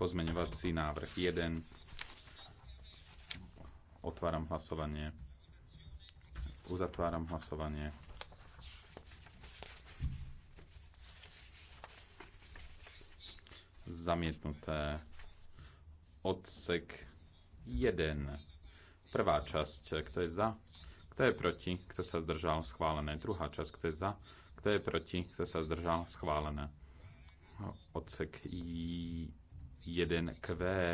Pozmeňovací návrh 1. Otváram hlasovanie. Uzatváram hlasovanie. Zamietnuté. Odsek 1. Prvá časť, kto je za, kto je proti, kto sa zdržal, schválené. Druhá časť, kto je za, kto je proti, kto sa zdržal, schválené. Odsek 1. 1Q,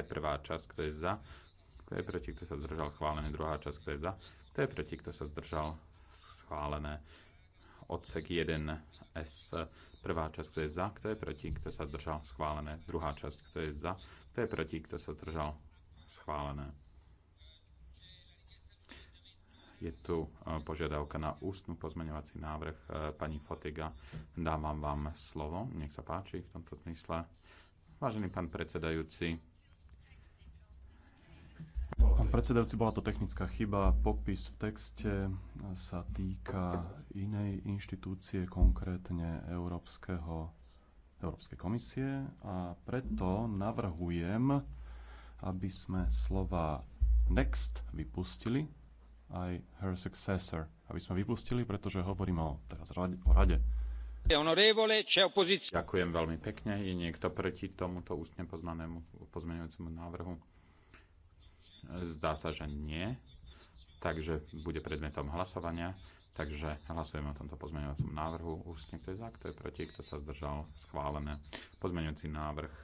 prvá časť, kto je za, kto je proti, kto sa zdržal, schválené, druhá časť, kto je za, kto je proti, kto sa zdržal, schválené, odsek 1S, prvá časť, kto je za, kto je proti, kto sa zdržal, schválené, druhá časť, kto je za, kto je proti, kto sa zdržal, schválené. Je tu e, požiadavka na ústnu pozmeňovací návrh e, pani Fotiga. Dávam vám slovo, nech sa páči v tomto zmysle. Vážený pán predsedajúci, Pán predsedajúci, bola to technická chyba. Popis v texte sa týka inej inštitúcie, konkrétne Európskeho, Európskej komisie a preto navrhujem, aby sme slova next vypustili aj her successor, aby sme vypustili, pretože hovoríme o, teraz o rade Ďakujem veľmi pekne. Je niekto proti tomuto ústne poznanému pozmeňujúcemu návrhu? Zdá sa, že nie. Takže bude predmetom hlasovania. Takže hlasujeme o tomto pozmeňujúcom návrhu ústne. Kto je za, kto je proti, kto sa zdržal, schválené. Pozmeňujúci návrh.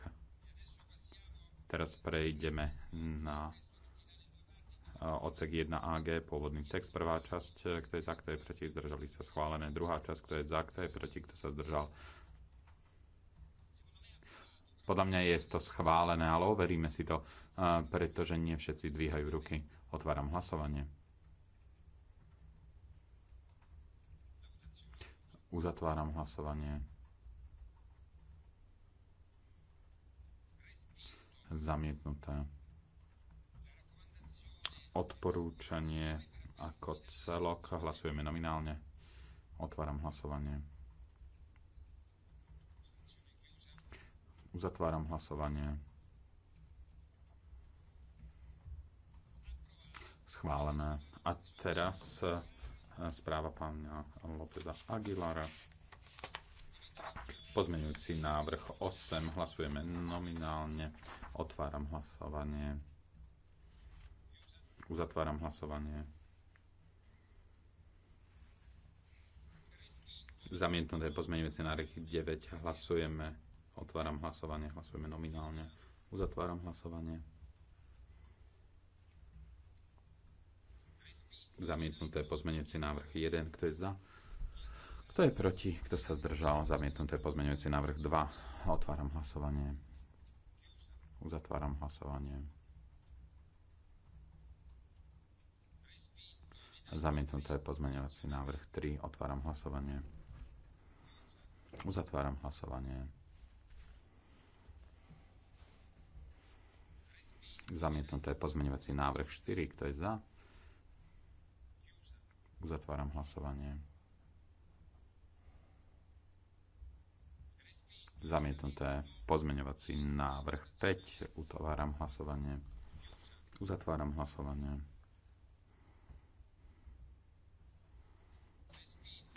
Teraz prejdeme na odsek 1AG, pôvodný text, prvá časť, e, kto je za, kto je proti, zdržali sa schválené, druhá časť, kto je za, kto je proti, kto sa zdržal. Podľa mňa je to schválené, ale overíme si to, e, pretože nie všetci dvíhajú ruky. Otváram hlasovanie. Uzatváram hlasovanie. Zamietnuté odporúčanie ako celok. Hlasujeme nominálne. Otváram hlasovanie. Uzatváram hlasovanie. Schválené. A teraz eh, správa pána Lópeza Aguilara. Pozmeňujúci návrh 8. Hlasujeme nominálne. Otváram hlasovanie. Uzatváram hlasovanie. Zamietnuté pozmeňujúce návrhy 9. Hlasujeme. Otváram hlasovanie. Hlasujeme nominálne. Uzatváram hlasovanie. Zamietnuté pozmeňujúce návrh 1. Kto je za? Kto je proti? Kto sa zdržal? Zamietnuté pozmeňujúce návrh 2. Otváram hlasovanie. Uzatváram hlasovanie. Zamietnuté je pozmeňovací návrh 3. Otváram hlasovanie. Uzatváram hlasovanie. Zamietnuté je pozmeňovací návrh 4. Kto je za? Uzatváram hlasovanie. Zamietnuté pozmeňovací návrh 5. Utváram hlasovanie. Uzatváram hlasovanie.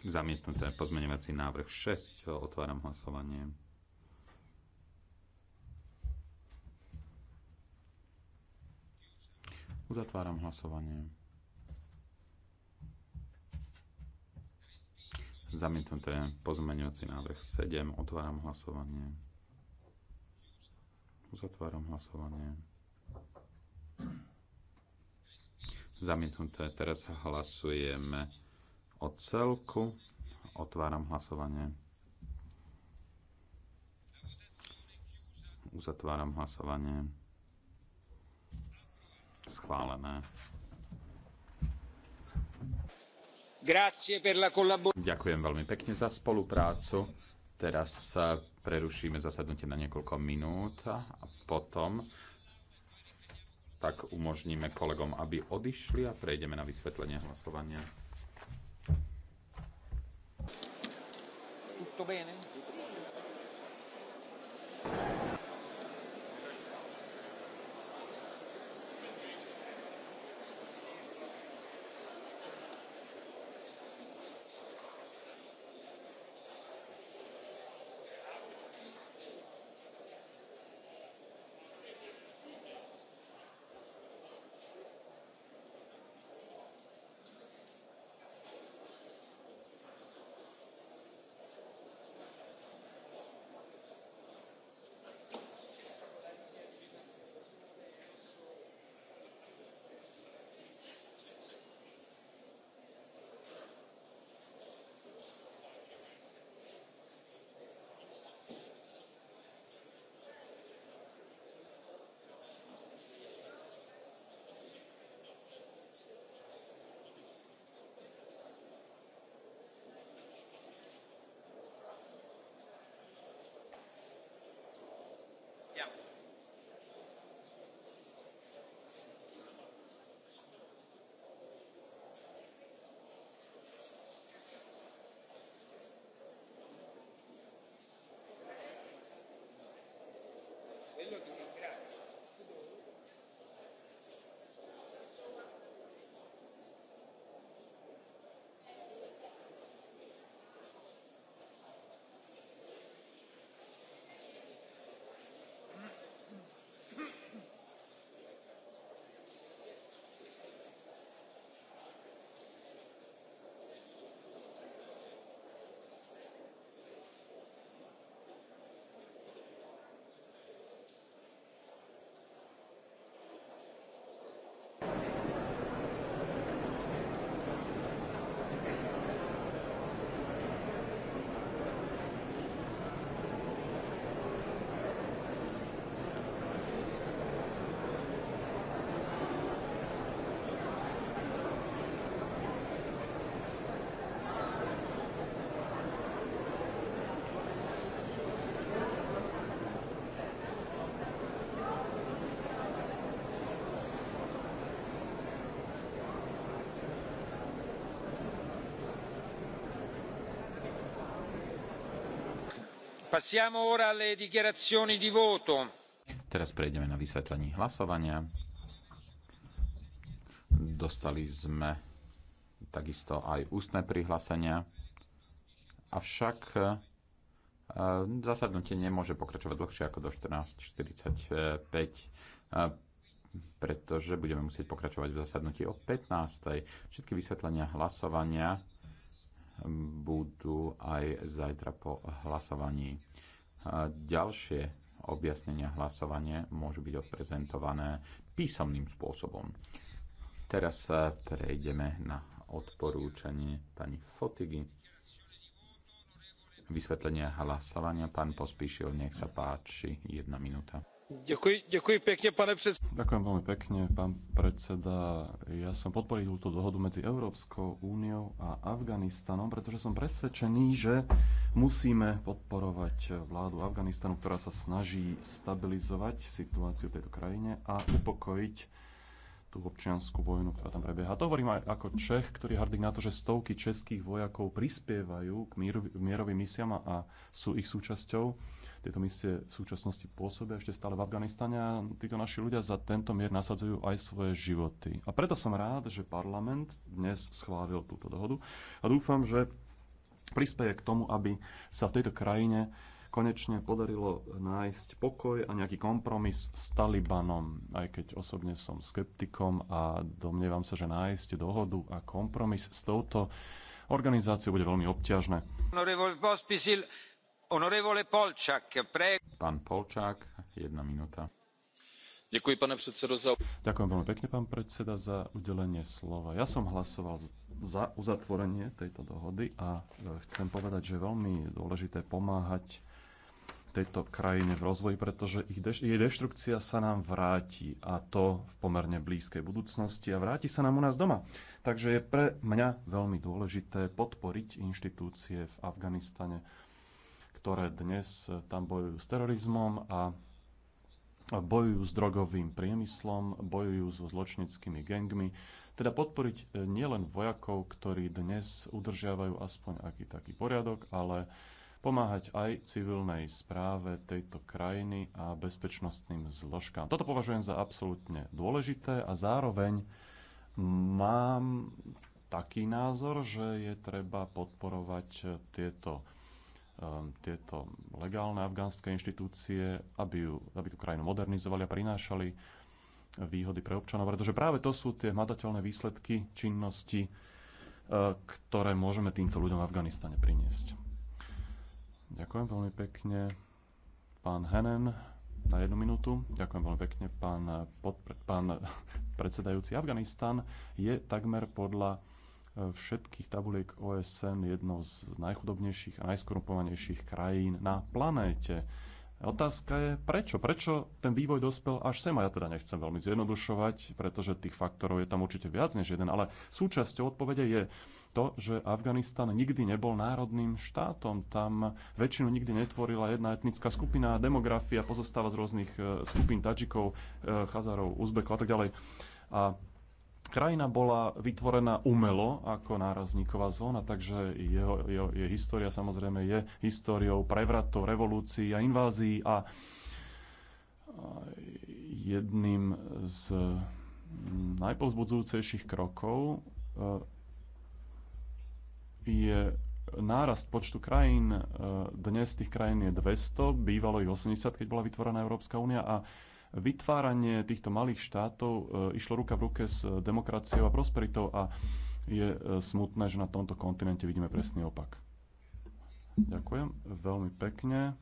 Zamietnuté pozmeňovací návrh 6. Otváram hlasovanie. Uzatváram hlasovanie. Zamietnuté pozmeňovací návrh 7. Otváram hlasovanie. Uzatváram hlasovanie. Zamietnuté. Teraz hlasujeme o celku. Otváram hlasovanie. Uzatváram hlasovanie. Schválené. Ďakujem veľmi pekne za spoluprácu. Teraz sa prerušíme zasadnutie na niekoľko minút a potom tak umožníme kolegom, aby odišli a prejdeme na vysvetlenie hlasovania. tutto bene? Teraz prejdeme na vysvetlenie hlasovania. Dostali sme takisto aj ústne prihlásenia. Avšak e, zasadnutie nemôže pokračovať dlhšie ako do 14.45 e, pretože budeme musieť pokračovať v zasadnutí o 15. Všetky vysvetlenia hlasovania budú aj zajtra po hlasovaní. Ďalšie objasnenia hlasovania môžu byť odprezentované písomným spôsobom. Teraz prejdeme na odporúčanie pani Fotigy. Vysvetlenie hlasovania. Pán Pospíšil, nech sa páči. Jedna minúta. Ďakujem veľmi pekne, pán predseda. Ja som podporil túto dohodu medzi Európskou úniou a Afganistanom, pretože som presvedčený, že musíme podporovať vládu Afganistanu, ktorá sa snaží stabilizovať situáciu v tejto krajine a upokojiť tú občianskú vojnu, ktorá tam prebieha. A to hovorím aj ako Čech, ktorý je hrdý na to, že stovky českých vojakov prispievajú k mierovým misiam a sú ich súčasťou tieto misie v súčasnosti pôsobia ešte stále v Afganistane a títo naši ľudia za tento mier nasadzujú aj svoje životy. A preto som rád, že parlament dnes schválil túto dohodu a dúfam, že prispieje k tomu, aby sa v tejto krajine konečne podarilo nájsť pokoj a nejaký kompromis s Talibanom, aj keď osobne som skeptikom a domnievam sa, že nájsť dohodu a kompromis s touto organizáciou bude veľmi obťažné. Pán Polčák, jedna minúta. Ďakujem, pane predsedo, za... Ďakujem veľmi pekne, pán predseda, za udelenie slova. Ja som hlasoval za uzatvorenie tejto dohody a e, chcem povedať, že je veľmi dôležité pomáhať tejto krajine v rozvoji, pretože ich deš- jej deštrukcia sa nám vráti a to v pomerne blízkej budúcnosti a vráti sa nám u nás doma. Takže je pre mňa veľmi dôležité podporiť inštitúcie v Afganistane, ktoré dnes eh, tam bojujú s terorizmom a bojujú s drogovým priemyslom, bojujú so zločnickými gengmi, teda podporiť eh, nielen vojakov, ktorí dnes udržiavajú aspoň aký taký poriadok, ale pomáhať aj civilnej správe tejto krajiny a bezpečnostným zložkám. Toto považujem za absolútne dôležité a zároveň mám taký názor, že je treba podporovať eh, tieto Ehm, tieto legálne afgánske inštitúcie, aby, ju, aby tú krajinu modernizovali a prinášali výhody pre občanov, pretože práve to sú tie hmatateľné výsledky činnosti, e, ktoré môžeme týmto ľuďom v Afganistane priniesť. Ďakujem veľmi pekne. Pán Henen, na jednu minútu. Ďakujem veľmi pekne, pán, pán predsedajúci. Afganistan je takmer podľa všetkých tabuliek OSN jedno z najchudobnejších a najskorumpovanejších krajín na planéte. Otázka je, prečo? Prečo ten vývoj dospel až sem? A ja teda nechcem veľmi zjednodušovať, pretože tých faktorov je tam určite viac než jeden, ale súčasťou odpovede je to, že Afganistan nikdy nebol národným štátom. Tam väčšinu nikdy netvorila jedna etnická skupina, demografia pozostáva z rôznych eh, skupín Tadžikov, eh, Chazarov, Uzbekov a tak ďalej. A Krajina bola vytvorená umelo ako nárazníková zóna, takže jeho, jeho, jeho história samozrejme je históriou prevratov, revolúcií a invázií a jedným z najpozbudzujúcejších krokov e, je nárast počtu krajín. E, dnes tých krajín je 200, bývalo ich 80, keď bola vytvorená Európska únia a vytváranie týchto malých štátov e, išlo ruka v ruke s demokraciou a prosperitou a je e, smutné, že na tomto kontinente vidíme presný opak. Ďakujem veľmi pekne.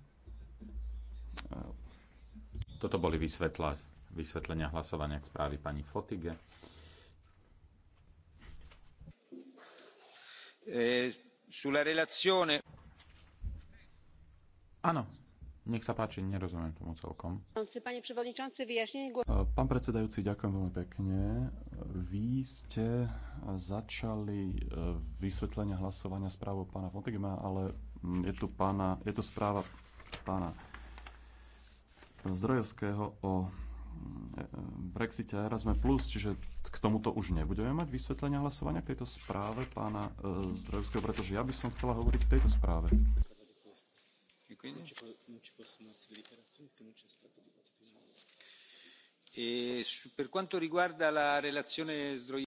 E, Toto boli vysvetla, vysvetlenia hlasovania k správy pani Fotige. sulla relazione... Áno, nech sa páči, nerozumiem tomu celkom. E, pán predsedajúci, ďakujem veľmi pekne. Vy ste začali e, vysvetlenie hlasovania správou pána Fontegema, ale mm, je tu, pána, je tu správa pána zdrojovského o mm, e, Brexite a Erasme Plus, čiže k tomuto už nebudeme mať vysvetlenia hlasovania k tejto správe pána Zdrojevského, pretože ja by som chcela hovoriť k tejto správe. E,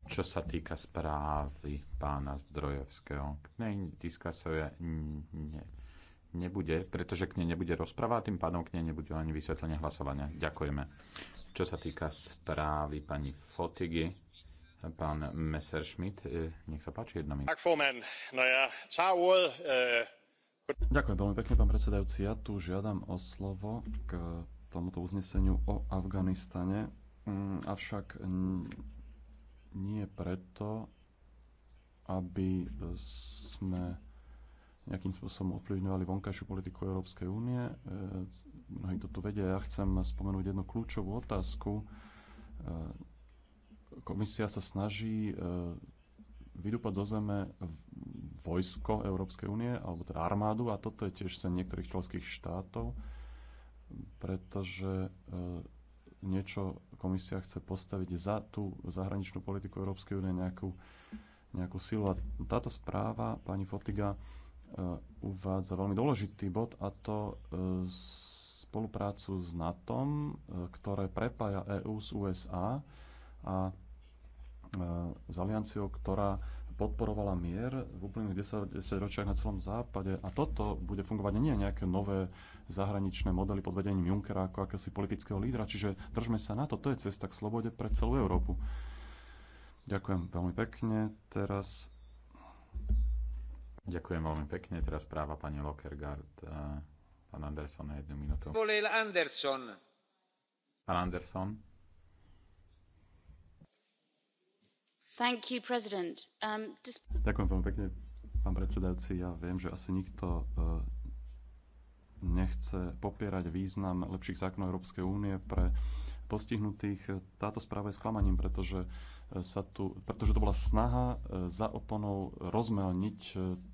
Čo sa týka správy pána Zdrojevského, k nej diskusia ne, nebude, pretože k nej nebude rozpráva a tým pádom k nej nebude ani vysvetlenie hlasovania. Ďakujeme. Čo sa týka správy pani Fotigy, pán Messerschmidt, e, nech sa páči jedna minúta. Tak, No ja, tá tager øh, Ďakujem veľmi pekne, pán predsedajúci. Ja tu žiadam o slovo k tomuto uzneseniu o Afganistane, mm, avšak nie preto, aby sme nejakým spôsobom ovplyvňovali vonkajšiu politiku Európskej únie. E, mnohí to tu vedia. Ja chcem spomenúť jednu kľúčovú otázku. E, komisia sa snaží e, vydúpať do zeme vojsko Európskej únie, alebo teda armádu, a toto je tiež sen niektorých členských štátov, pretože e, niečo komisia chce postaviť za tú zahraničnú politiku Európskej únie nejakú, nejakú silu. A táto správa pani Fotiga e, uvádza veľmi dôležitý bod a to e, spoluprácu s NATO, ktoré prepája EÚ s USA a E, s alianciou, ktorá podporovala mier v úplných 10, 10 ročiach na celom západe. A toto bude fungovať nie nejaké nové zahraničné modely pod vedením Junckera ako akési politického lídra. Čiže držme sa na to. To je cesta k slobode pre celú Európu. Ďakujem veľmi pekne. Teraz... Ďakujem veľmi pekne. Teraz práva pani Lockergard. E, pán Anderson na jednu minútu. Pán Anderson. Um, Ďakujem veľmi pekne, pán predsedajúci. Ja viem, že asi nikto uh, nechce popierať význam lepších zákonov Európskej únie pre postihnutých. Táto správa je sklamaním, pretože, uh, sa tu, pretože to bola snaha uh, za oponou rozmelniť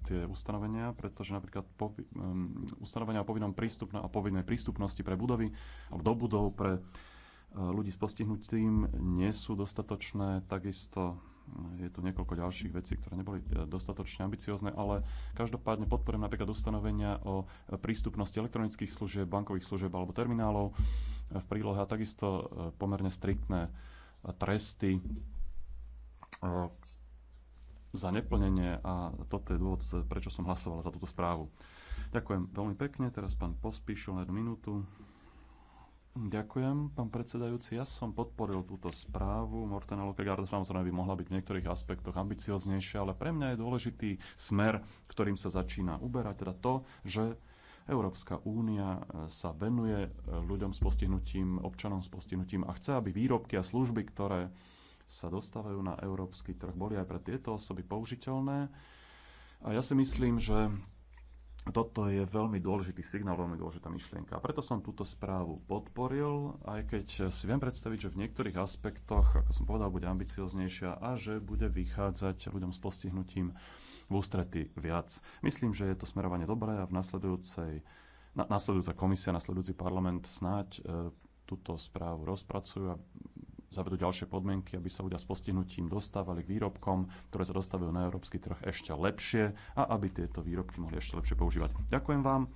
tie ustanovenia, pretože napríklad povi, um, ustanovenia o povinnom prístupne a povinnej prístupnosti pre budovy alebo do budov pre ľudí s postihnutím nie sú dostatočné. Takisto je tu niekoľko ďalších vecí, ktoré neboli e, dostatočne ambiciozne, ale každopádne podporujem napríklad ustanovenia o prístupnosti elektronických služieb, bankových služieb alebo terminálov e, v prílohe a takisto e, pomerne striktné tresty za neplnenie a toto je dôvod, prečo som hlasoval za túto správu. Ďakujem veľmi pekne. Teraz pán Pospíšil na jednu minútu. Ďakujem, pán predsedajúci. Ja som podporil túto správu. Mortena Lokegarda samozrejme by mohla byť v niektorých aspektoch ambicioznejšia, ale pre mňa je dôležitý smer, ktorým sa začína uberať, teda to, že Európska únia sa venuje ľuďom s postihnutím, občanom s postihnutím a chce, aby výrobky a služby, ktoré sa dostávajú na európsky trh, boli aj pre tieto osoby použiteľné. A ja si myslím, že toto je veľmi dôležitý signál, veľmi dôležitá myšlienka. A preto som túto správu podporil, aj keď si viem predstaviť, že v niektorých aspektoch, ako som povedal, bude ambicioznejšia a že bude vychádzať ľuďom s postihnutím v ústrety viac. Myslím, že je to smerovanie dobré a v nasledujúcej, na, nasledujúca komisia, nasledujúci parlament snáď e, túto správu rozpracujú a zavedú ďalšie podmienky, aby sa ľudia s postihnutím dostávali k výrobkom, ktoré sa dostavujú na európsky trh ešte lepšie a aby tieto výrobky mohli ešte lepšie používať. Ďakujem vám,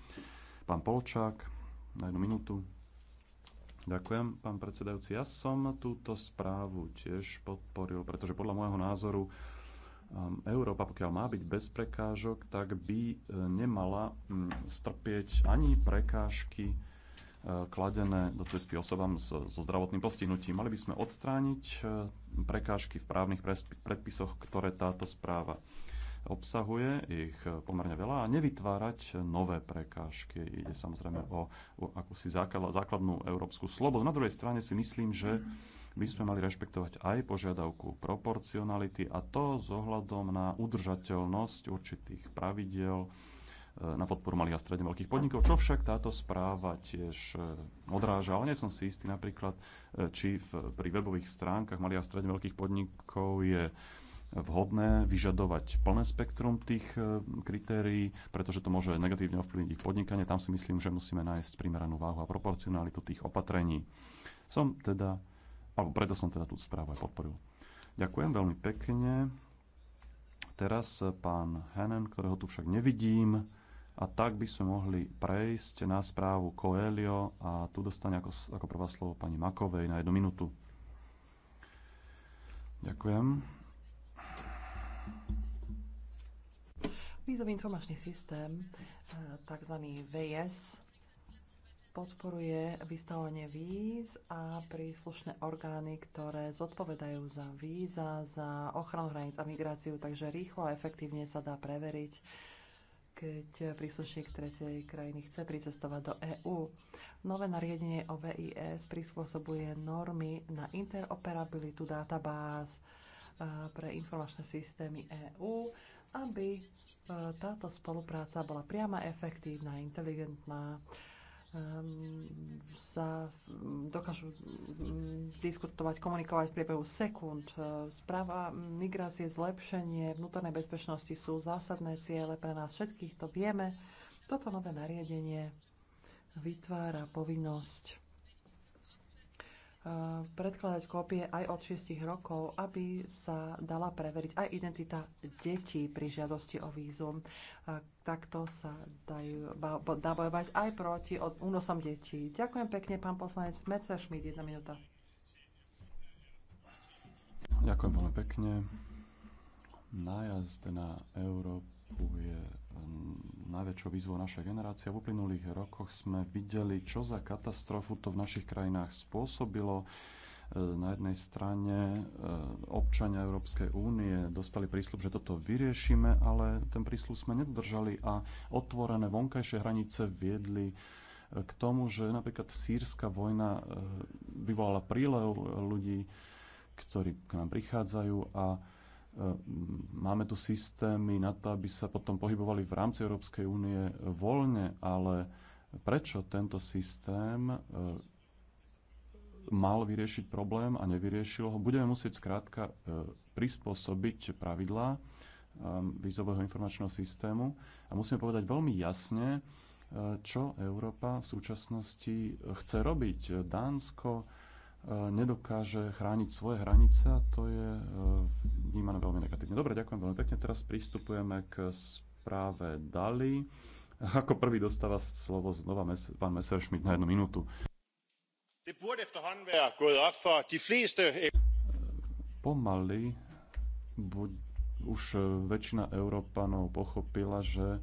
pán Polčák, na jednu minútu. Ďakujem, pán predsedajúci. Ja som túto správu tiež podporil, pretože podľa môjho názoru um, Európa, pokiaľ má byť bez prekážok, tak by e, nemala mm, strpieť ani prekážky E, kladené do cesty osobám so, zdravotným postihnutím. Mali by sme odstrániť e, prekážky v právnych predpisoch, ktoré táto správa obsahuje, ich e, pomerne veľa, a nevytvárať nové prekážky. Ide samozrejme o, o akúsi základ, základnú európsku slobodu. Na druhej strane si myslím, že by sme mali rešpektovať aj požiadavku proporcionality a to s ohľadom na udržateľnosť určitých pravidel na podporu malých a stredne veľkých podnikov, čo však táto správa tiež e, odráža. Ale nie som si istý napríklad, e, či v, pri webových stránkach malých a stredne veľkých podnikov je vhodné vyžadovať plné spektrum tých e, kritérií, pretože to môže negatívne ovplyvniť ich podnikanie. Tam si myslím, že musíme nájsť primeranú váhu a proporcionalitu tých opatrení. Som teda, alebo preto som teda tú správu aj podporil. Ďakujem veľmi pekne. Teraz pán Henen, ktorého tu však nevidím, a tak by sme mohli prejsť na správu Koelio a tu dostane ako, ako prvá slovo pani Makovej na jednu minútu. Ďakujem. Vízový informačný systém, e, tzv. VS, podporuje vystavovanie víz a príslušné orgány, ktoré zodpovedajú za víza, za ochranu hraníc a migráciu, takže rýchlo a efektívne sa dá preveriť, keď príslušník tretej krajiny chce pricestovať do EÚ. Nové nariadenie o VIS prispôsobuje normy na interoperabilitu databáz e, pre informačné systémy EÚ, aby e, táto spolupráca bola priama, efektívna, inteligentná Ehm, sa dokážu mm, diskutovať, komunikovať v priebehu sekúnd. Ehm, správa migrácie, zlepšenie vnútornej bezpečnosti sú zásadné ciele pre nás všetkých, to vieme. Toto nové nariadenie vytvára povinnosť Eh, predkladať kópie aj od 6 rokov, aby sa dala preveriť aj identita detí pri žiadosti o vízum. takto sa dajú, dá bojovať aj proti od únosom detí. Ďakujem pekne, pán poslanec Meca Šmíd, jedna minúta. Ďakujem veľmi pekne. Nájazd na Európu je najväčšou výzvou našej generácie. V uplynulých rokoch sme videli, čo za katastrofu to v našich krajinách spôsobilo. E, na jednej strane e, občania Európskej únie dostali prísľub, že toto vyriešime, ale ten prísľub sme nedodržali a otvorené vonkajšie hranice viedli e, k tomu, že napríklad sírska vojna vyvolala prílev ľudí, ktorí k nám prichádzajú a Ehm, máme tu systémy na to, aby sa potom pohybovali v rámci Európskej únie voľne, ale prečo tento systém ehm, mal vyriešiť problém a nevyriešil ho? Budeme musieť skrátka ehm, prispôsobiť pravidlá vízového informačného systému a musíme povedať veľmi jasne, čo Európa v súčasnosti chce robiť. Dánsko Eh, nedokáže chrániť svoje hranice a to je eh, vnímané veľmi negatívne. Dobre, ďakujem veľmi pekne. Teraz pristupujeme k správe Dali. Ako prvý dostáva slovo znova mes- pán Messerschmidt na jednu minútu. Eh, pomaly buď, už väčšina Európanov pochopila, že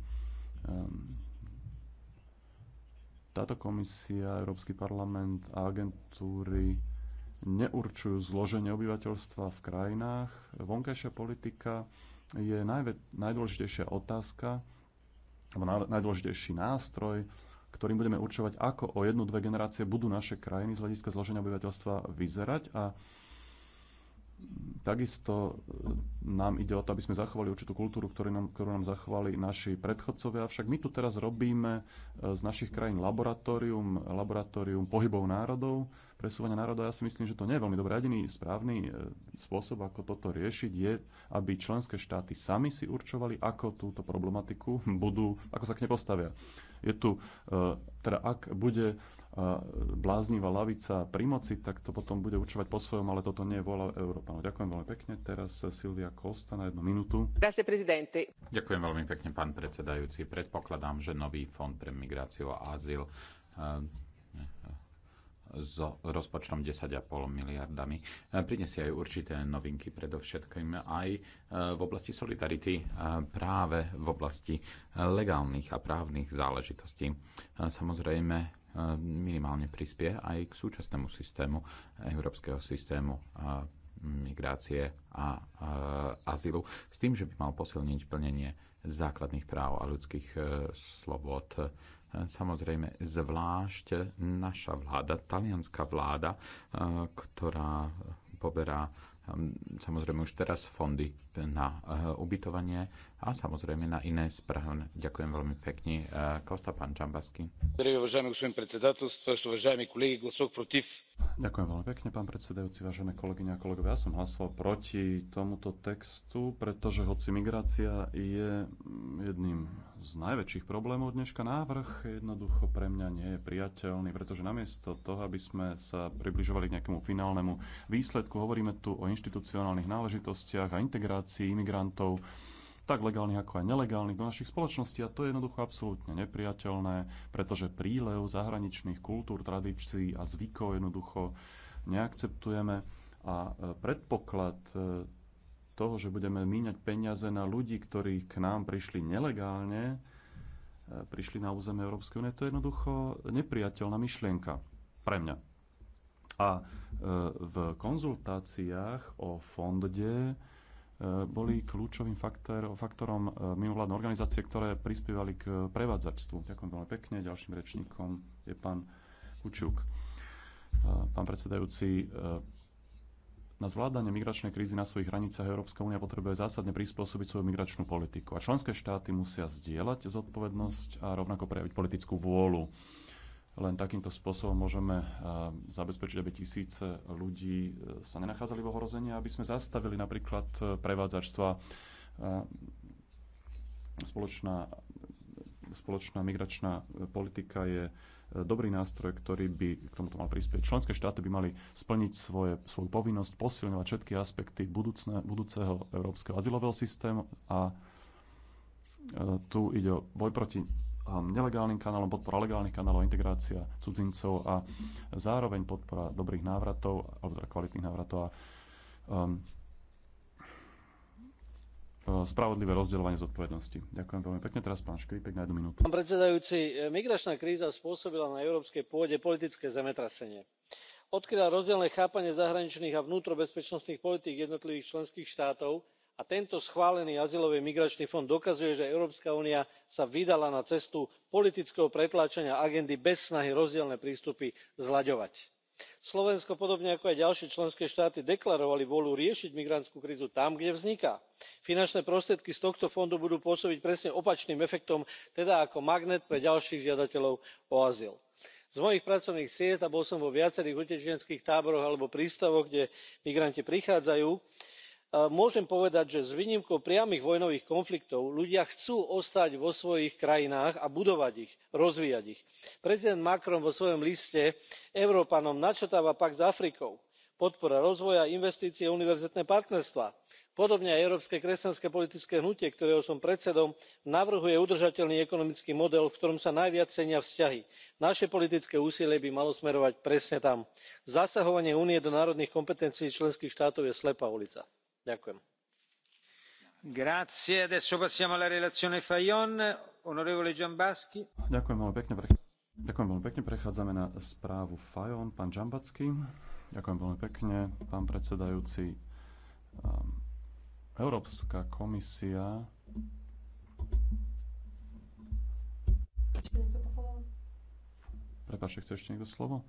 um, táto komisia, Európsky parlament a agentúry neurčujú zloženie obyvateľstva v krajinách. Vonkajšia politika je najdôležitejšia otázka, alebo najdôležitejší nástroj, ktorým budeme určovať, ako o jednu, dve generácie budú naše krajiny z hľadiska zloženia obyvateľstva vyzerať a Takisto e, nám ide o to, aby sme zachovali určitú kultúru, ktorú nám, ktorú nám zachovali naši predchodcovia. Avšak my tu teraz robíme e, z našich krajín laboratórium, laboratórium pohybov národov, presúvania národov. Ja si myslím, že to nie je veľmi dobrý. Jediný správny e, spôsob, ako toto riešiť, je, aby členské štáty sami si určovali, ako túto problematiku budú, ako sa k nej postavia. Je tu, teda ak bude bláznivá lavica pri moci, tak to potom bude určovať po svojom, ale toto nie je vôľa No, Ďakujem veľmi pekne. Teraz Silvia Kosta na jednu minútu. Ďakujem veľmi pekne, pán predsedajúci. Predpokladám, že nový fond pre migráciu a azyl eh, eh, s rozpočtom 10,5 miliardami. Eh, prinesie aj určité novinky, predovšetkým aj v oblasti solidarity, práve v oblasti legálnych a právnych záležitostí. Samozrejme, minimálne prispie aj k súčasnému systému, európskeho systému migrácie a azylu, s tým, že by mal posilniť plnenie základných práv a ľudských e, slobod. E, samozrejme, zvlášť naša vláda, talianská vláda, e, ktorá poberá samozrejme už teraz fondy na eh, ubytovanie a samozrejme na iné správne. Ďakujem veľmi pekne. Eh, Kosta pán Čambasky. Ďakujem veľmi pekne, pán predsedajúci, vážené kolegyne a kolegovia. Ja som hlasoval proti tomuto textu, pretože hoci migrácia je jedným z najväčších problémov dneška návrh jednoducho pre mňa nie je priateľný, pretože namiesto toho, aby sme sa približovali k nejakému finálnemu výsledku, hovoríme tu o inštitucionálnych náležitostiach a integrácii imigrantov, tak legálnych ako aj nelegálnych do našich spoločností a to je jednoducho absolútne nepriateľné, pretože prílev zahraničných kultúr, tradícií a zvykov jednoducho neakceptujeme a e, predpoklad e, toho, že budeme míňať peniaze na ľudí, ktorí k nám prišli nelegálne, e, prišli na územie Európskej únie, to je jednoducho nepriateľná myšlienka pre mňa. A e, v konzultáciách o fonde e, boli kľúčovým faktor, faktorom mimovládne organizácie, ktoré prispievali k prevádzačstvu. Ďakujem veľmi pekne. Ďalším rečníkom je pán Kučuk. Pán predsedajúci, na zvládanie migračnej krízy na svojich hraniciach Európska únia potrebuje zásadne prispôsobiť svoju migračnú politiku a členské štáty musia zdieľať zodpovednosť a rovnako prejaviť politickú vôľu. Len takýmto spôsobom môžeme eh, zabezpečiť, aby tisíce ľudí eh, sa nenachádzali v ohrození, aby sme zastavili napríklad eh, prevádzačstva spoločná, spoločná migračná politika je dobrý nástroj, ktorý by k tomuto mal prispieť. Členské štáty by mali splniť svoje, svoju povinnosť, posilňovať všetky aspekty budúcne, budúceho európskeho azylového systému a e, tu ide o boj proti e, nelegálnym kanálom, podpora legálnych kanálov, integrácia cudzincov a zároveň podpora dobrých návratov, alebo teda kvalitných návratov a um, Eh, spravodlivé rozdeľovanie zodpovednosti. Ďakujem veľmi pekne. Teraz pán Škripek na jednu minútu. Pán predsedajúci, eh, migračná kríza spôsobila na európskej pôde politické zemetrasenie. Odkryla rozdielne chápanie zahraničných a vnútrobezpečnostných politík jednotlivých členských štátov a tento schválený azylový migračný fond dokazuje že európska únia sa vydala na cestu politického pretláčania agendy bez snahy rozdielne prístupy zlaďovať slovensko podobne ako aj ďalšie členské štáty deklarovalo vôľu riešiť migrantskú krízu tam kde vzniká. finančné prostriedky z tohto fondu budú pôsobiť presne opačným efektom teda ako magnet pre ďalších žiadateľov o azyl. z mojich pracovných ciest a bol som vo viacerých utečeneckých táboroch alebo prístavoch kde migranti prichádzajú môžem povedať že s výnimkou priamych vojnových konfliktov ľudia chcú ostať vo svojich krajinách a budovať ich rozvíjať ich. prezident macron vo svojom liste európanom načrtáva pakt s afrikou podpora rozvoja investície univerzitné partnerstvá. podobne aj európske kresťanské politické hnutie ktorého som predsedom navrhuje udržateľný ekonomický model v ktorom sa najviac cenia vzťahy. naše politické úsilie by malo smerovať presne tam. zasahovanie únie do národných kompetencií členských štátov je slepá ulica ďakujem. veľmi pekne. Prechádzame na správu Fajon. Pán Džambacký. Ďakujem veľmi pekne, pán predsedajúci. Ehm, Európska komisia Prepačte, chce ešte niekto slovo?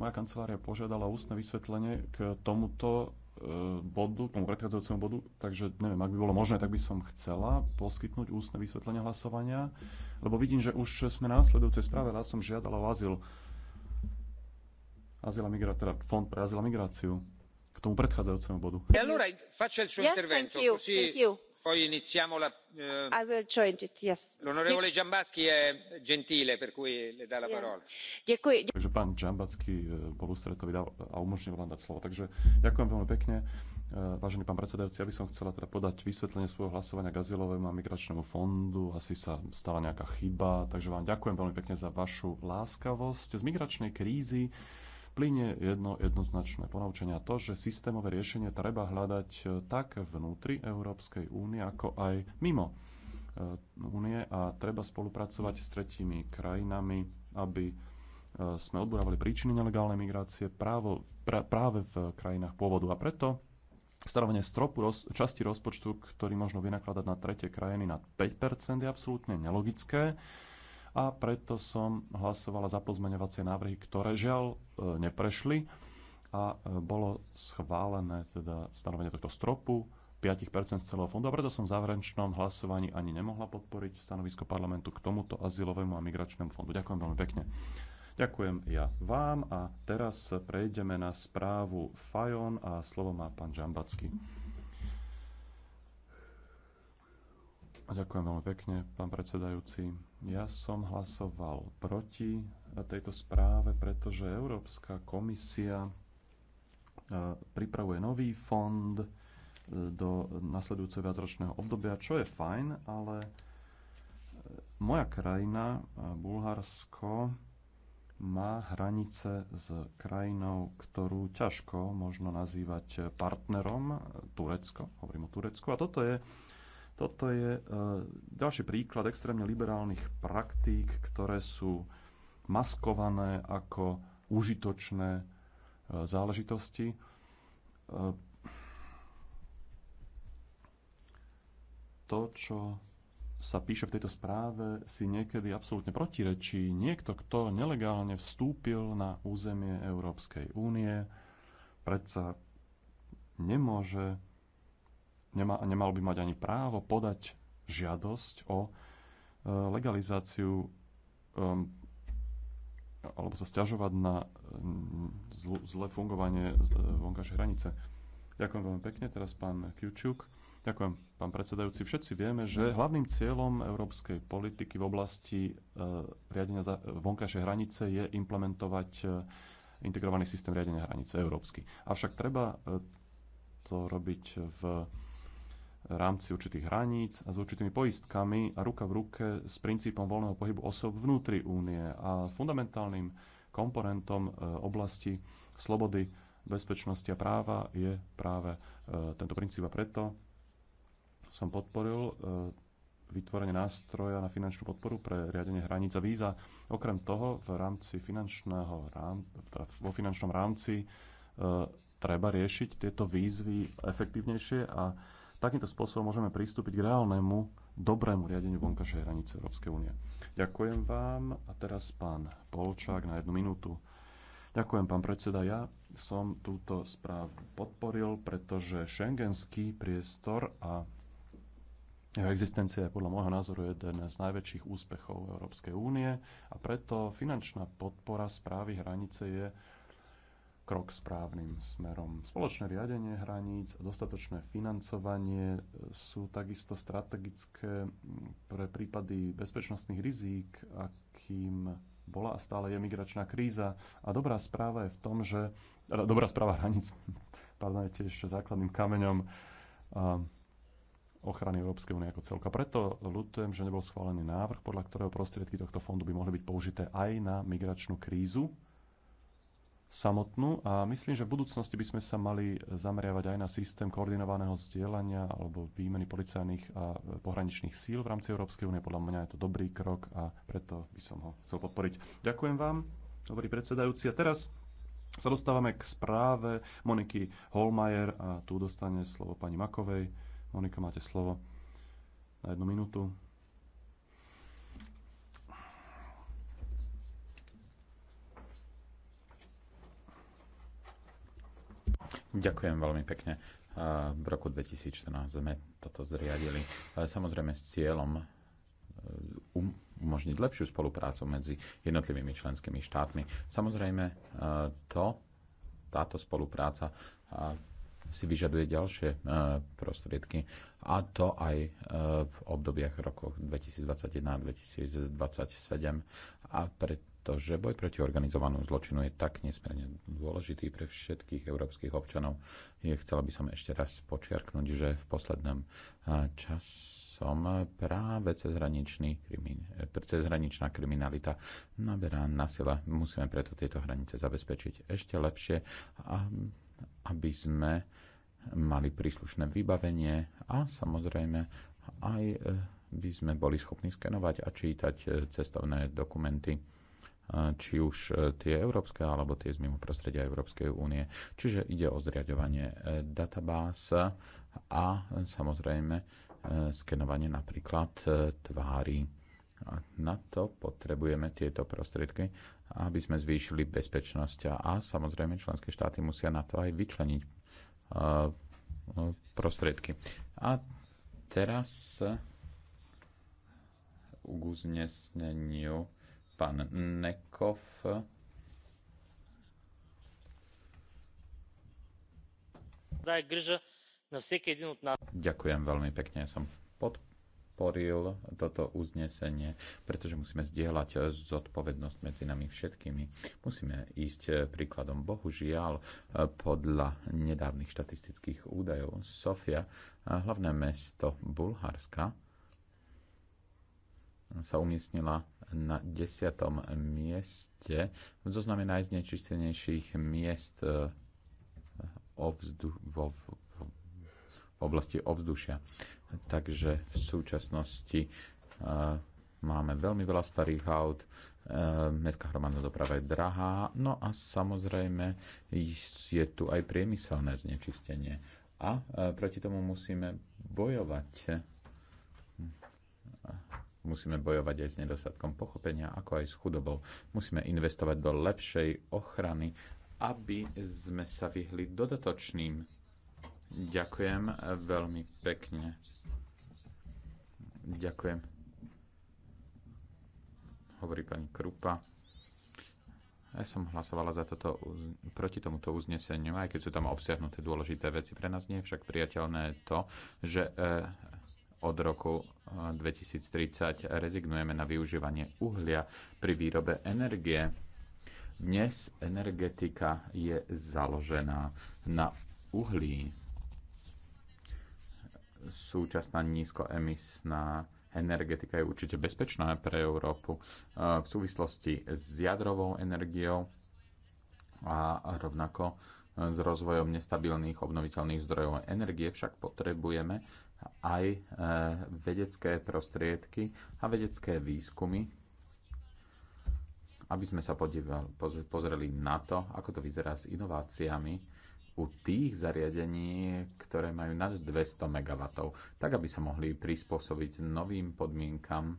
Moja kancelária požiadala ústne vysvetlenie k tomuto e, bodu, tomu predchádzajúcemu bodu, takže neviem, ak by bolo možné, tak by som chcela poskytnúť ústne vysvetlenie hlasovania, lebo vidím, že už sme na následujúcej správe, ja som žiadala o azyl, azyl a migra, teda fond pre azyl a migráciu k tomu predchádzajúcemu bodu. Yeah, thank you, thank you. Eh, takže pán dzhambazki eh, bol ústretový a umožnil vám dať slovo. Takže ďakujem veľmi pekne. Eh, vážený pán predsedajúci, ja by som chcela teda podať vysvetlenie svojho hlasovania gazilovému a migračnému fondu. Asi sa stala nejaká chyba, takže vám ďakujem veľmi pekne za vašu láskavosť. Z migračnej krízy plyne jedno jednoznačné ponaučenie to, že systémové riešenie treba hľadať e, tak vnútri Európskej únie, ako aj mimo e, únie a treba spolupracovať s tretími krajinami, aby e, sme odburávali príčiny nelegálnej migrácie právo, pra, práve v krajinách pôvodu. A preto stanovenie stropu roz, časti rozpočtu, ktorý možno vynakladať na tretie krajiny na 5%, je absolútne nelogické a preto som hlasovala za pozmeňovacie návrhy, ktoré žiaľ e, neprešli a e, bolo schválené teda stanovenie tohto stropu 5% z celého fondu a preto som v záverečnom hlasovaní ani nemohla podporiť stanovisko parlamentu k tomuto azylovému a migračnému fondu. Ďakujem veľmi pekne. Ďakujem ja vám a teraz prejdeme na správu Fajon a slovo má pán Žambacký. Ďakujem veľmi pekne, pán predsedajúci. Ja som hlasoval proti tejto správe, pretože Európska komisia e, pripravuje nový fond e, do nasledujúceho viacročného obdobia, čo je fajn, ale e, moja krajina, Bulharsko, má hranice s krajinou, ktorú ťažko možno nazývať partnerom, Turecko, hovorím o Turecku, a toto je toto je e, ďalší príklad extrémne liberálnych praktík, ktoré sú maskované ako užitočné e, záležitosti. E, to, čo sa píše v tejto správe, si niekedy absolútne protirečí. Niekto, kto nelegálne vstúpil na územie Európskej únie, predsa nemôže nema, nemal by mať ani právo podať žiadosť o e, legalizáciu um, alebo sa stiažovať na mm, zl zlé fungovanie e, vonkajšej hranice. Ďakujem veľmi pekne. Teraz pán Kiučuk. Ďakujem, pán predsedajúci. Všetci vieme, že hlavným cieľom európskej politiky v oblasti e, riadenia vonkajšej hranice je implementovať e, integrovaný systém riadenia hranice európsky. Avšak treba e, to robiť v rámci určitých hraníc a s určitými poistkami a ruka v ruke s princípom voľného pohybu osob vnútri únie a fundamentálnym komponentom e, oblasti slobody, bezpečnosti a práva je práve e, tento princíp a preto som podporil e, vytvorenie nástroja na finančnú podporu pre riadenie hraníc a víza. Okrem toho v rámci finančného rám, teda vo finančnom rámci treba riešiť tieto výzvy efektívnejšie a Takýmto spôsobom môžeme pristúpiť k reálnemu, dobrému riadeniu vonkajšej hranice Európskej únie. Ďakujem vám a teraz pán Polčák na jednu minútu. Ďakujem, pán predseda. Ja som túto správu podporil, pretože šengenský priestor a jeho existencia je podľa môjho názoru jeden z najväčších úspechov Európskej únie a preto finančná podpora správy hranice je krok správnym smerom. Spoločné riadenie hraníc a dostatočné financovanie e, sú takisto strategické pre prípady bezpečnostných rizík, akým bola a stále je migračná kríza. A dobrá správa je v tom, že e, no, dobrá správa hraníc pardon, je tiež základným kameňom e, ochrany Európskej únie ako celka. Preto ľutujem, že nebol schválený návrh, podľa ktorého prostriedky tohto fondu by mohli byť použité aj na migračnú krízu, samotnú a myslím, že v budúcnosti by sme sa mali zameriavať aj na systém koordinovaného vzdielania alebo výmeny policajných a pohraničných síl v rámci Európskej únie. Podľa mňa je to dobrý krok a preto by som ho chcel podporiť. Ďakujem vám, dobrý predsedajúci. A teraz sa dostávame k správe Moniky Holmajer a tu dostane slovo pani Makovej. Monika, máte slovo na jednu minútu. Ďakujem veľmi pekne. V roku 2014 sme toto zriadili. Samozrejme s cieľom e, um, umožniť lepšiu spoluprácu medzi jednotlivými členskými štátmi. Samozrejme, e, to, táto spolupráca e, si vyžaduje ďalšie prostriedky a to aj v obdobiach rokov 2021 a 2027 a preto že boj proti organizovanú zločinu je tak nesmierne dôležitý pre všetkých európskych občanov. Je, chcela by som ešte raz počiarknúť, že v posledném časom práve cezhraničný krimin, e, cezhraničná kriminalita naberá na sila. Musíme preto tieto hranice zabezpečiť ešte lepšie, aby sme mali príslušné vybavenie a samozrejme aj e, by sme boli schopní skenovať a čítať e, cestovné dokumenty či už e, tie európske alebo tie z mimo prostredia Európskej únie. Čiže ide o zriadovanie e, databáz a samozrejme e, skenovanie napríklad tvári. Na to potrebujeme tieto prostriedky, aby sme zvýšili bezpečnosť a samozrejme členské štáty musia na to aj vyčleniť prostriedky. A teraz k uzneseniu pán Nekov. Ďakujem veľmi pekne, som podporil toto uznesenie, pretože musíme zdieľať zodpovednosť medzi nami všetkými. Musíme ísť príkladom. Bohužiaľ, podľa nedávnych štatistických údajov, Sofia, hlavné mesto Bulharska, sa umiestnila na desiatom mieste v zozname najznečistenejších miest e, ovzdu, vo, v oblasti ovzdušia. Takže v súčasnosti uh, máme veľmi veľa starých aut, e, mestská hromadná doprava je drahá, no a samozrejme je tu aj priemyselné znečistenie. A proti tomu musíme bojovať. Musíme bojovať aj s nedostatkom pochopenia, ako aj s chudobou. Musíme investovať do lepšej ochrany, aby sme sa vyhli dodatočným. Ďakujem veľmi pekne. Ďakujem. Hovorí pani Krupa. Ja som hlasovala za toto, proti tomuto uzneseniu, aj keď sú tam obsiahnuté dôležité veci. Pre nás nie je však priateľné to, že e, od roku 2030 eh, rezignujeme na využívanie uhlia pri výrobe energie. Dnes energetika je založená na uhlí. Súčasná nízkoemisná energetika je určite bezpečná pre Európu eh, v súvislosti s jadrovou energiou a rovnako eh, s rozvojom nestabilných obnoviteľných zdrojov energie však potrebujeme aj e, vedecké prostriedky a vedecké výskumy, aby sme sa pozreli na to, ako to vyzerá s inováciami u tých zariadení, ktoré majú nad 200 MW, tak aby sa mohli prispôsobiť novým podmienkam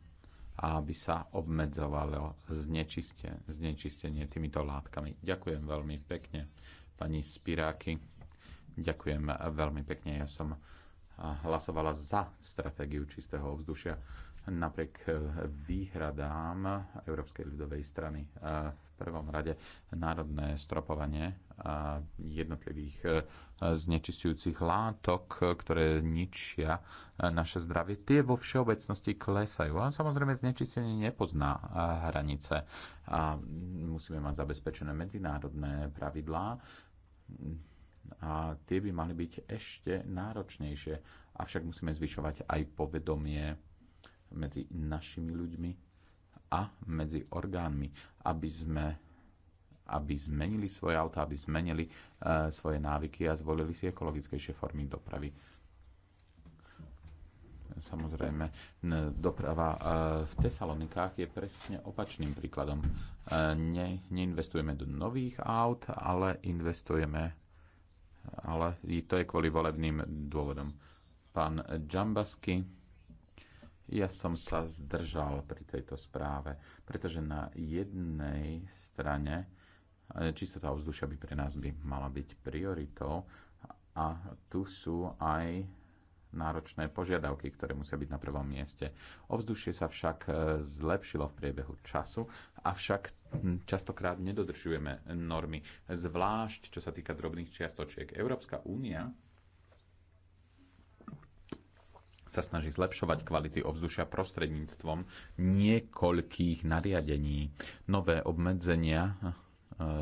a aby sa obmedzovalo znečiste, znečistenie týmito látkami. Ďakujem veľmi pekne, pani Spiráky. Ďakujem veľmi pekne. Ja som hlasovala za stratégiu čistého ovzdušia napriek eh, výhradám Európskej ľudovej strany. Eh, v prvom rade národné stropovanie eh, jednotlivých znečistujúcich látok, ktoré ničia naše zdravie, tie vo všeobecnosti klesajú. A samozrejme znečistenie nepozná hranice. A musíme mať zabezpečené medzinárodné pravidlá, a tie by mali byť ešte náročnejšie. Avšak musíme zvyšovať aj povedomie medzi našimi ľuďmi a medzi orgánmi, aby sme aby zmenili svoje auta, aby zmenili e, svoje návyky a zvolili si ekologickejšie formy dopravy. Samozrejme, doprava e, v Tesalonikách je presne opačným príkladom. E, ne, neinvestujeme do nových aut, ale investujeme ale to je kvôli volebným dôvodom. Pán Džambasky, ja som sa zdržal pri tejto správe, pretože na jednej strane eh, čistota ovzdušia by pre nás by mala byť prioritou a tu sú aj náročné požiadavky, ktoré musia byť na prvom mieste. Ovzdušie sa však eh, zlepšilo v priebehu času avšak častokrát nedodržujeme normy, zvlášť čo sa týka drobných čiastočiek. Európska únia sa snaží zlepšovať kvality ovzdušia prostredníctvom niekoľkých nariadení. Nové obmedzenia eh,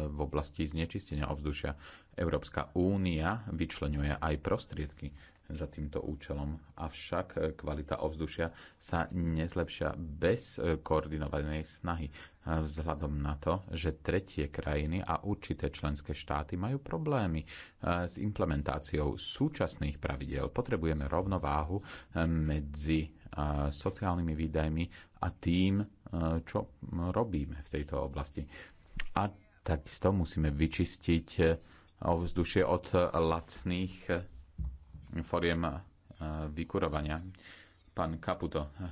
v oblasti znečistenia ovzdušia. Európska únia vyčlenuje aj prostriedky za týmto účelom. Avšak e, kvalita ovzdušia sa nezlepšia bez e, koordinovanej snahy e, vzhľadom na to, že tretie krajiny a určité členské štáty majú problémy s implementáciou súčasných pravidiel. Potrebujeme rovnováhu medzi sociálnymi výdajmi a tým, čo robíme v tejto oblasti. A takisto musíme vyčistiť ovzdušie od lacných foriem eh, vykurovania. Pán Kaputo, eh,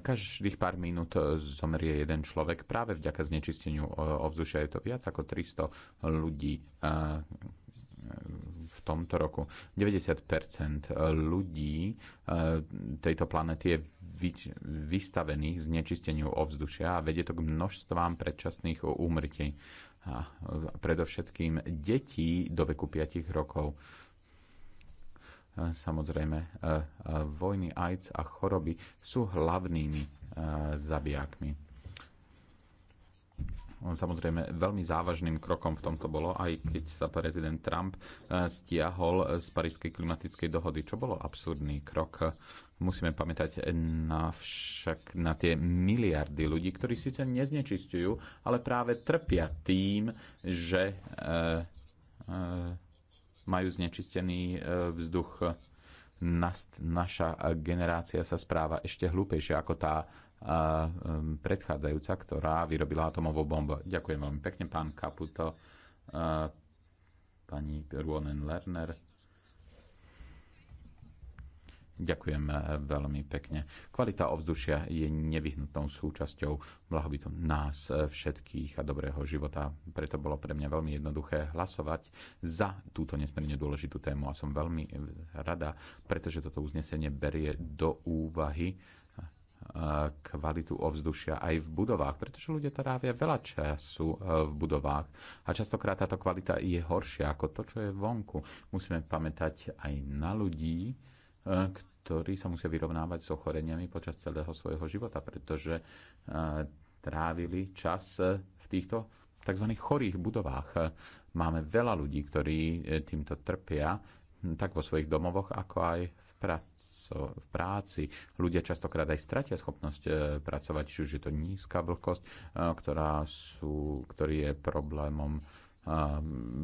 každých pár minút eh, zomrie jeden človek. Práve vďaka znečisteniu ovzdušia je to viac ako 300 ľudí v tomto roku. 90% ľudí tejto planety je vystavených znečisteniu ovzdušia a vedie to k množstvám predčasných úmrtí. A predovšetkým detí do veku 5 rokov Samozrejme, e, e, vojny, AIDS a choroby sú hlavnými e, zabijakmi. Samozrejme, veľmi závažným krokom v tomto bolo, aj keď sa prezident Trump stiahol z Parískej klimatickej dohody, čo bolo absurdný krok musíme pamätať na, však, na tie miliardy ľudí, ktorí síce neznečistujú, ale práve trpia tým, že e, e, majú znečistený e, vzduch. Naša generácia sa správa ešte hlúpejšie ako tá e, predchádzajúca, ktorá vyrobila atomovú bombu. Ďakujem veľmi pekne, pán Kaputo, e, pani Ruonen Lerner. Ďakujem eh, veľmi pekne. Kvalita ovzdušia je nevyhnutnou súčasťou blahobytu nás eh, všetkých a dobrého života. Preto bolo pre mňa veľmi jednoduché hlasovať za túto nesmierne dôležitú tému a som veľmi eh, rada, pretože toto uznesenie berie do úvahy kvalitu ovzdušia aj v budovách, pretože ľudia trávia veľa času v budovách a častokrát táto kvalita je horšia ako to, čo je vonku. Musíme pamätať aj na ľudí, ktorí sa musia vyrovnávať s ochoreniami počas celého svojho života, pretože e, trávili čas e, v týchto tzv. chorých budovách. Máme veľa ľudí, ktorí e, týmto trpia, hm, tak vo svojich domovoch, ako aj v, práci v práci. Ľudia častokrát aj stratia schopnosť pracovať, či už je to nízka vlhkosť, ktorá sú, ktorý je problémom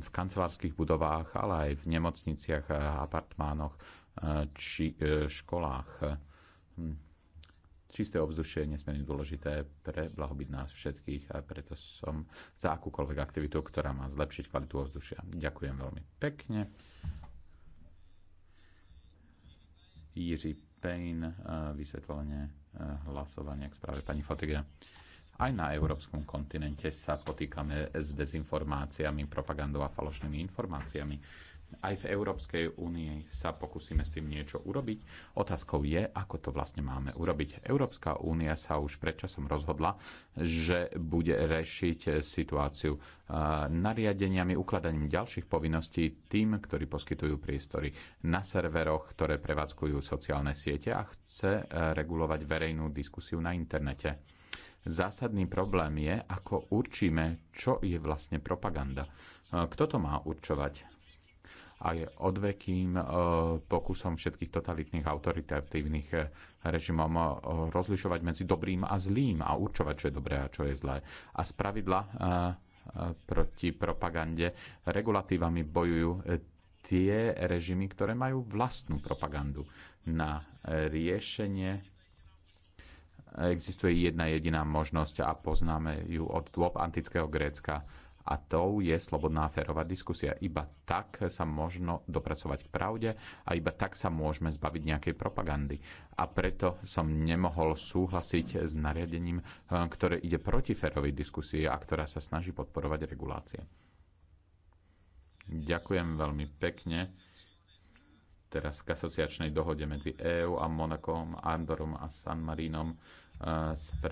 v kancelárskych budovách, ale aj v nemocniciach, apartmánoch či e, školách. Hm. Čisté ovzdušie je nesmierne dôležité pre blahobyt nás všetkých a preto som za akúkoľvek aktivitu, ktorá má zlepšiť kvalitu ovzdušia. Ďakujem veľmi pekne. Jiří Pejn, e, vysvetlenie e, hlasovania k správe pani Fotiga. Aj na európskom kontinente sa potýkame s dezinformáciami, propagandou a falošnými informáciami aj v Európskej únii sa pokúsime s tým niečo urobiť. Otázkou je, ako to vlastne máme urobiť. Európska únia sa už predčasom rozhodla, že bude rešiť situáciu eh, nariadeniami, ukladaním ďalších povinností tým, ktorí poskytujú priestory na serveroch, ktoré prevádzkujú sociálne siete a chce eh, regulovať verejnú diskusiu na internete. Zásadný problém je, ako určíme, čo je vlastne propaganda. Eh, kto to má určovať? a je odvekým e, pokusom všetkých totalitných autoritatívnych e, režimom e, rozlišovať medzi dobrým a zlým a určovať, čo je dobré a čo je zlé. A z pravidla proti propagande regulatívami bojujú tie režimy, ktoré majú vlastnú propagandu na riešenie existuje jedna jediná možnosť a poznáme ju od dôb antického Grécka a tou je slobodná férová diskusia. Iba tak sa možno dopracovať k pravde a iba tak sa môžeme zbaviť nejakej propagandy. A preto som nemohol súhlasiť s nariadením, eh, ktoré ide proti férovej diskusii a ktorá sa snaží podporovať regulácie. Ďakujem veľmi pekne teraz k asociačnej dohode medzi EÚ a Monakom, Andorom a San Marinom. Eh,